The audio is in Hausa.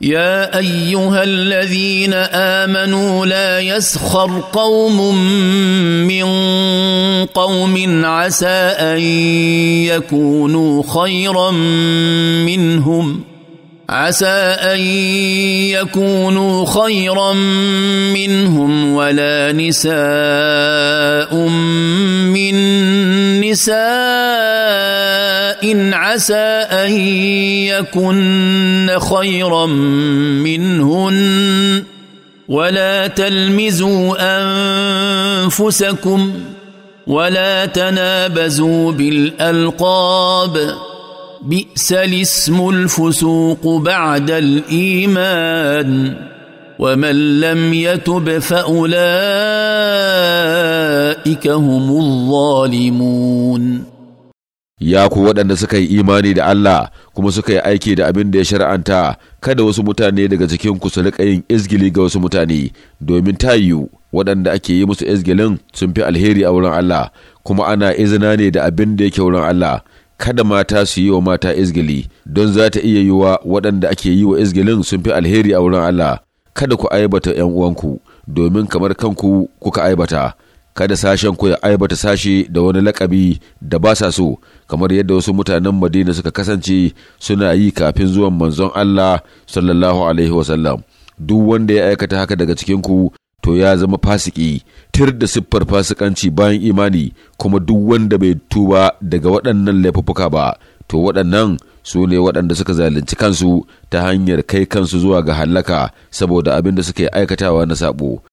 يا ايها الذين امنوا لا يسخر قوم من قوم عسى ان يكونوا خيرا منهم عسى ان يكونوا خيرا منهم ولا نساء من نساء إن عسى أن يكن خيرا منهن ولا تلمزوا أنفسكم ولا تنابزوا بالألقاب بئس الاسم الفسوق بعد الإيمان ومن لم يتب فأولئك هم الظالمون ya ku waɗanda suka yi imani da Allah kuma suka yi aiki da abin da ya shar'anta kada wasu mutane daga cikin ku su riƙa yin izgili ga wasu mutane domin ta yiwu waɗanda ake yi musu izgilin sun fi alheri a wurin Allah kuma ana izina ne da abin da yake wurin Allah kada mata su yi wa mata izgili don za ta iya yiwa waɗanda ake yi wa izgilin sun fi alheri a wurin Allah kada ku aibata 'yan uwanku domin kamar kanku kuka aibata kada sashen ku ya aibata sashi da wani lakabi da ba sa so kamar yadda wasu mutanen madina suka kasance suna yi kafin zuwan manzon Allah sallallahu alaihi wasallam duk wanda ya aikata haka daga cikin ku to ya zama fasiki tir da siffar fasikanci bayan imani kuma duk wanda bai tuba daga waɗannan laifuffuka ba to waɗannan su ne waɗanda suka zalunci kansu ta hanyar kai kansu zuwa ga hallaka saboda abin da suke aikatawa na sabo